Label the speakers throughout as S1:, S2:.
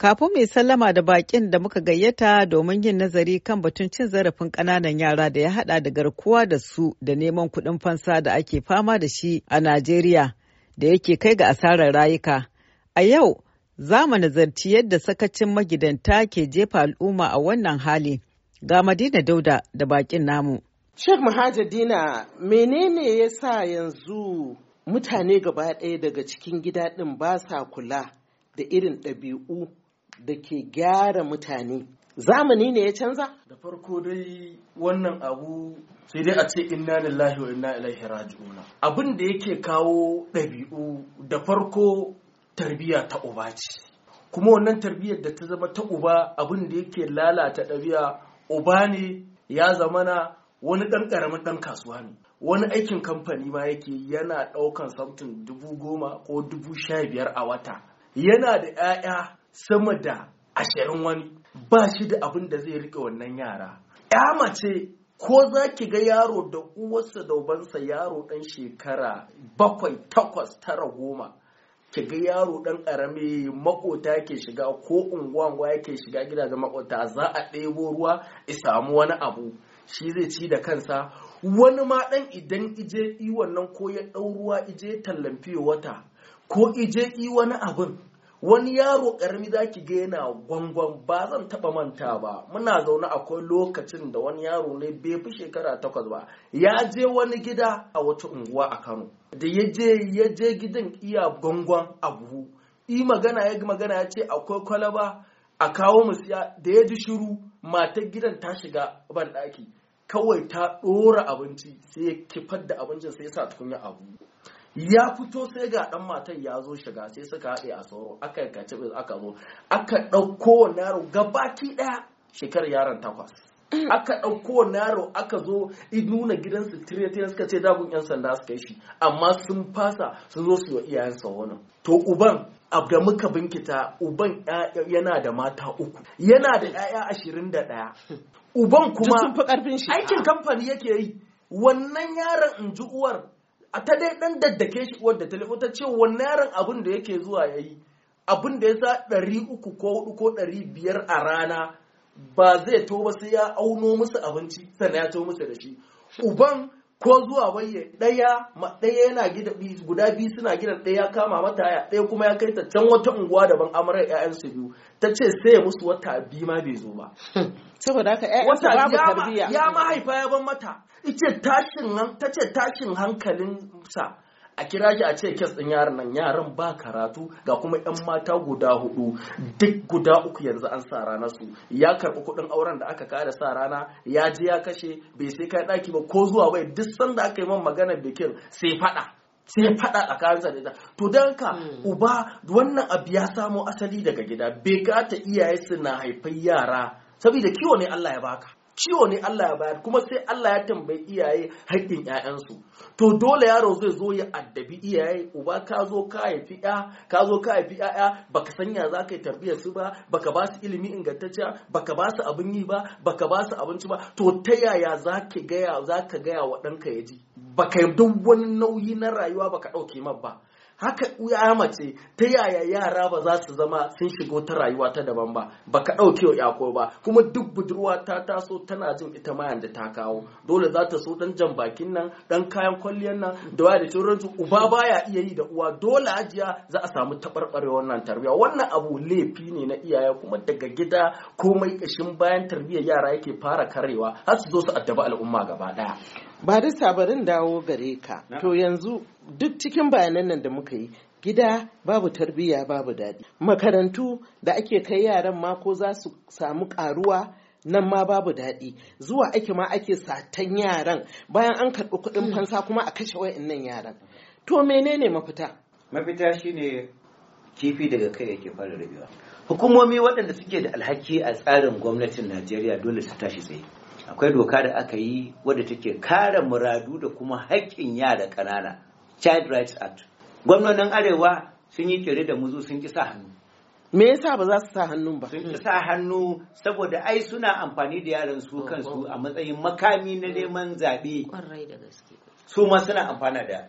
S1: Kafin mai sallama da bakin da muka gayyata domin yin nazari kan batun cin zarafin ƙananan yara da ya haɗa da garkuwa da su da neman kuɗin fansa da ake fama da shi a Najeriya da yake kai ga asarar rayuka. A yau, za mu nazarci yadda sakacin magidanta ke jefa al'umma a wannan hali. Ga Madina Dauda da bakin namu. Sheikh Mahajadina, menene ya sa yanzu mutane gaba ɗaya daga cikin gida ɗin ba sa kula da irin ɗabi'u da ke gyara mutane zamani ne ya canza
S2: da farko dai wannan abu sai dai a ce inna lillahi wa inna ilaihi raji'un abin da yake kawo ɗabi'u da farko tarbiyya ta uba ce kuma wannan tarbiyar da ta zama ta uba abin da yake lalata ɗabi'a uba ne ya zamana wani ɗan ƙaramin ɗan kasuwa ne wani aikin kamfani ma yake yana ɗaukan samtin dubu goma ko dubu sha biyar a wata yana da 'ya'ya sama da ashirin wani ba shi da abin da zai rike wannan yara ya mace ko za ki ga yaro da uwarsa da ubansa yaro ɗan shekara bakwai takwas tara goma ki ga yaro ɗan ƙarami makota ke shiga ko unguwa yake shiga gidajen makota za a ɗebo ruwa ya samu wani abu shi zai ci da kansa wani ma ɗan idan ije i wannan ko ya ɗau ruwa ije tallamfi wata ko ije i wani abin wani yaro karami za ki ga yana gwangwan ba zan taba manta ba muna zaune akwai lokacin da wani yaro ne bai fi shekara takwas ba ya je wani gida a wata unguwa a kano da ya je ya je gidan iya gwangwan abu i magana ya magana ya ce akwai kwalaba a kawo mu siya da ya ji shiru matar gidan ta shiga ban kawai ta ɗora abinci sai ya kifar da abincin sai ya sa tukunya abu ya fito sai ga dan matan ya zo shiga sai suka haɗe a sauro aka yi kacibi aka zo aka ɗauko wa yaro gabaki ɗaya shekarar yaron takwas mm. aka ɗauko wa yaro aka zo nuna gidansu tire suka ce dagun yan sanda suka yi shi amma sun fasa sun zo su yi wa iyayensa wani to uban da muka binkita uban yana da mata uku yana da 'ya'ya ashirin da ɗaya uban kuma aikin kamfani yake yi wannan yaron in ji uwar a ta dai dan daddake shi wadda ta ta ce wannan yaron abin da yake zuwa ya yi, abin da ya sa ɗari uku ko huɗu ko ɗari biyar a rana ba zai to ba sai ya auno musu abinci sannan ya to musu da shi uban ko zuwa wayye ɗaya ɗaya yana gida guda biyu suna gidan ɗaya ya kama mata ya ɗaya kuma ya kai ta can wata unguwa daban amarar ƴaƴan su biyu ta ce sai musu wata biyu ma bai zo ba saboda haka
S1: ƴaƴan su babu tarbiyya
S2: ya mahaifa ya ban mata ice tashin nan ta ce tashin hankalin sa a kira ki a ce kes din yaran nan yaran ba karatu ga kuma yan mata guda hudu duk guda uku yanzu an sa rana su ya karbi kuɗin auren da aka kada sa rana ya je ya kashe bai sai kai daki ba ko zuwa bai duk sanda aka yi man magana bikin sai fada sai fada tsakaninsa da ita to don ka hmm. uba wannan abu ya samo asali daga gida bai gata iyaye suna haifai yara saboda kiwo ne Allah ya baka ciwo ne Allah ya bayar kuma sai Allah ya tambayi iyaye haƙƙin ƴaƴansu to dole yaro zai zo ya addabi iyaye uba ka zo ka haifi 'ya'ya, ka zo ka haifi ƴaƴa baka sanya za ka yi tarbiyyar su ba baka ba su ilimi ingantacce baka ba su abin yi ba baka ba su abinci ba to ta yaya za ka gaya za ka gaya wa ɗanka ya ji baka duk wani nauyi na rayuwa baka ɗauke ma ba haka ya mace ta yaya yara ba za su zama sun shigo ta rayuwa ta daban ba ba ka ɗauke wa yako ba kuma duk budurwa ta taso tana jin ita ma da ta kawo dole za ta so dan jan bakin nan dan kayan kwalliyar nan da waya da su uba baya iya yi da uwa dole ajiya za a samu taɓarɓarewar wannan tarbiyya wannan abu laifi ne na iyaye kuma daga gida komai ƙashin bayan tarbiyyar yara yake fara karewa har su zo su addaba al'umma gaba ɗaya ba da dawo gare ka
S1: to yanzu duk cikin bayanan nan da muka yi gida babu tarbiyya babu daɗi makarantu da ake kai yaran ma ko za su samu ƙaruwa nan ma babu daɗi zuwa ake ma ake satan yaran bayan an karɓi kuɗin hmm. fansa kuma a kashe nan yaran to menene mafita
S3: mafita shine kifi daga kai yake fara rabewa hukumomi waɗanda suke da alhaki a tsarin gwamnatin najeriya dole su tashi tsaye akwai doka da aka yi wadda take kare muradu da kuma haƙƙin yara ƙanana child rights act gwamnonin arewa sun yi kere da muzu sun ki sa hannu me yasa ba za su sa hannun ba sun ki sa hannu saboda ai suna amfani da yaran su kansu a matsayin makami na neman zaɓe su ma suna amfana da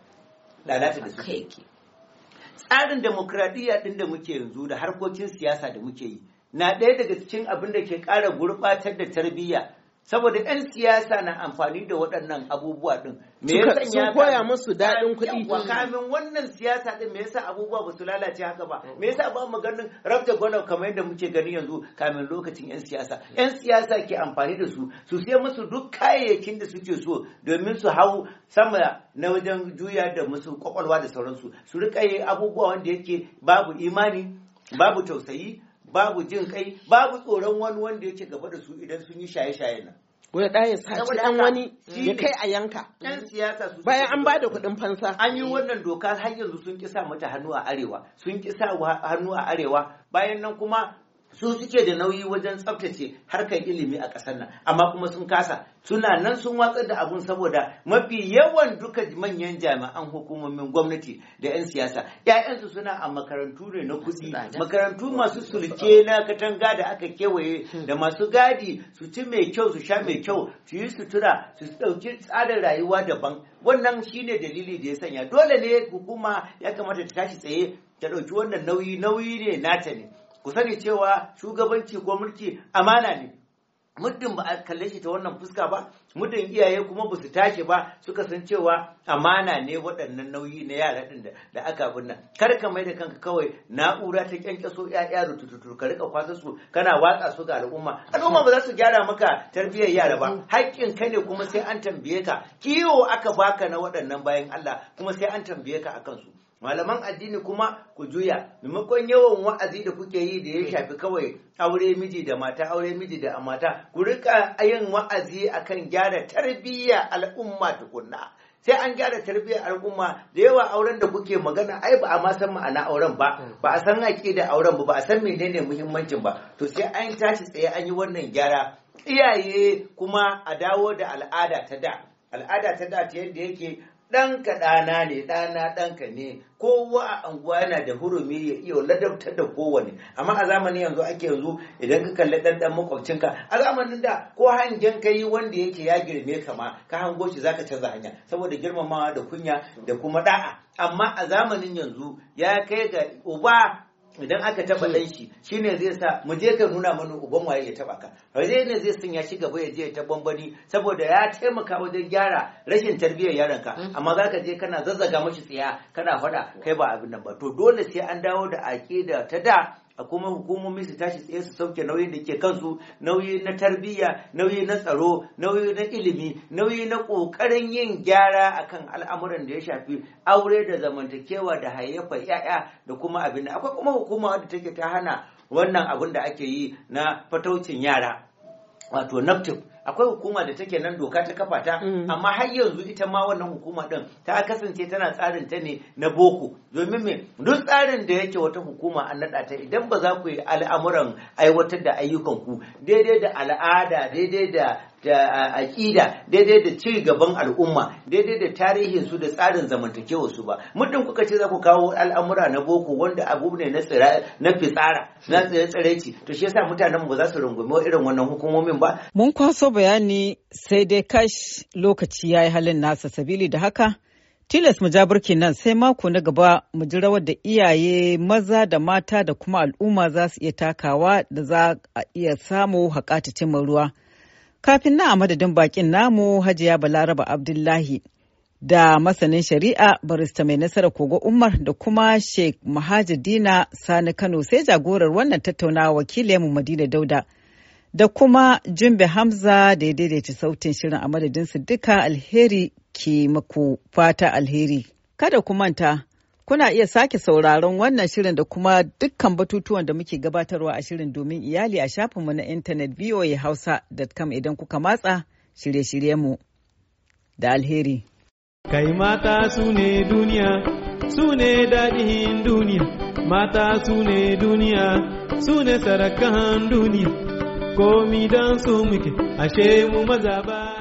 S3: lalata da su tsarin demokradiyya din da muke yanzu da harkokin siyasa da muke yi na ɗaya daga cikin abin da ke ƙara gurɓatar da tarbiyya saboda 'yan siyasa na amfani da waɗannan abubuwa ɗin me sun koya musu daɗin kuɗi kamin wannan siyasa ɗin me yasa abubuwa ba su lalace haka ba me yasa ba mu ganin rabta gwana kamar yadda muke gani yanzu kamin lokacin 'yan siyasa 'yan siyasa ke amfani da su su sai musu duk kayayyakin da suke so domin su hau sama na wajen juya da musu kwakwalwa da sauransu su riƙa yi abubuwa wanda yake babu imani babu tausayi babu jin kai babu tsoron wani wanda yake gaba da su idan sun yi shaye-shaye nan wani da ya saci dan wani ya kai a yanka siyasa bayan an bada da kuɗin fansa an yi eh. wannan doka har yanzu sun ƙi sa mata hannu a arewa sun ƙi sa hannu a arewa bayan nan kuma su suke da nauyi wajen tsaftace harkar ilimi a ƙasar nan amma kuma sun kasa suna nan sun watsar da abun saboda mafi yawan duka manyan jami'an hukumomin gwamnati da 'yan siyasa 'ya'yansu suna a makarantu ne na kuɗi makarantu masu sulke na katanga da aka kewaye hmm. da masu gadi su ci mai kyau su sha mai kyau su yi sutura su ɗauki tsarin rayuwa daban wannan shine dalili da ya sanya dole ne hukuma ya kamata ta tashi tsaye ta ɗauki wannan nauyi nauyi ne nata ne ku sani cewa shugabanci ko mulki amana ne muddin ba a kalle shi ta wannan fuska ba muddin iyaye kuma ba su tashi ba suka san cewa amana ne waɗannan nauyi na yara ɗin da aka binna kar ka mai da kanka kawai na'ura ta kyankyaso ya'ya rutututu ka rika kwasa su kana watsa su ga al'umma al'umma ba za su gyara maka tarbiyyar yara ba haƙƙin ka ne kuma sai an tambaye ka kiwo aka baka na waɗannan bayan Allah kuma sai an tambaye ka akan su malaman addini kuma ku juya maimakon yawan wa'azi da kuke yi da ya shafi kawai aure miji da mata aure miji da mata ku rika yin wa'azi akan gyara tarbiyya al'umma tukunna sai an gyara tarbiyya al'umma da yawa auren da kuke magana ai ba a ma san ma'ana auren ba ba a san da auren ba ba a san menene muhimmancin ba to sai an tashi tsaye an yi wannan gyara iyaye kuma a dawo da al'ada ta da al'ada ta da ta yadda yake ɗanka ɗana ne ɗana ɗanka ne kowa a anguwa yana da hurumi ya iya ladabtar da kowane amma a zamanin yanzu ake yanzu idan ka kalli ɗanɗan makwabcinka a zamanin da ko hangen ka yi wanda yake ya girme ka ma ka hango shi zaka canza hanya saboda girmamawa da kunya da kuma da'a amma a zamanin yanzu ya kai ga uba idan aka taba dan shi shine zai sa mu je ka nuna mana uban waye ya taba ka waje ne zai sanya ya ci gaba ya je ta bambani saboda ya taimaka wajen gyara rashin tarbiyyar yaranka hmm. ka amma zaka je kana zazzaga mashi tsiya kana fada kai ba abin nan ba to dole sai an dawo da aqida ta da a kuma hukumomi su tashi tsaye su sauke nauyin da ke kansu nauyi na tarbiyya nauyi na tsaro nauyi na ilimi nauyi na ƙoƙarin yin gyara akan al'amuran da ya shafi aure da zamantakewa da hayayyafa ya'ya da kuma abin da akwai kuma hukuma da take ta hana wannan abin da ake yi na fataucin yara wato naptip akwai hukuma da take nan doka ta kafa ta mm. amma har yanzu ita ma wannan hukuma din ta kasance tana tsarin ta ne na boko domin me duk tsarin da yake wata hukuma an nada ta idan ba za ku yi al'amuran aiwatar da ayyukan ku daidai da al'ada daidai da da aƙida daidai da ci gaban al'umma daidai da tarihin su da tsarin zamantakewa su ba muddin kuka ce za ku kawo al'amura na boko wanda abu ne na tsira na fitsara na tsiraici to shi yasa mutanen ba za su rungume irin wannan hukumomin ba mun kwaso
S1: bayani sai dai kash lokaci yayi halin nasa sabili da haka Tilas mu ja nan sai mako na gaba mu ji rawar da iyaye maza da mata da kuma al'umma za su iya takawa da za a iya samu haƙa ta ruwa. Kafin na a madadin bakin namu Hajiya Balaraba Abdullahi da masanin shari'a barista mai nasara kogo Umar da kuma Sheikh dina Sani Kano sai jagorar wannan tattaunawa wakilinmu Madina Dauda. Da kuma Jumbe Hamza da ya daidaita sautin shirin a madadinsu duka alheri ke maku fata alheri. Kada ku manta. Kuna iya sake sauraron wannan shirin da kuma dukkan batutuwan da muke gabatarwa a shirin domin iyali a shafinmu na intanet voahausa.com idan kuka matsa shirye-shiryenmu da alheri. Kai mata su ne duniya, su ne daɗin duniya, mata su ne duniya,
S3: su ne sarakan duniya, komi don su muke, ashe mu maza ba.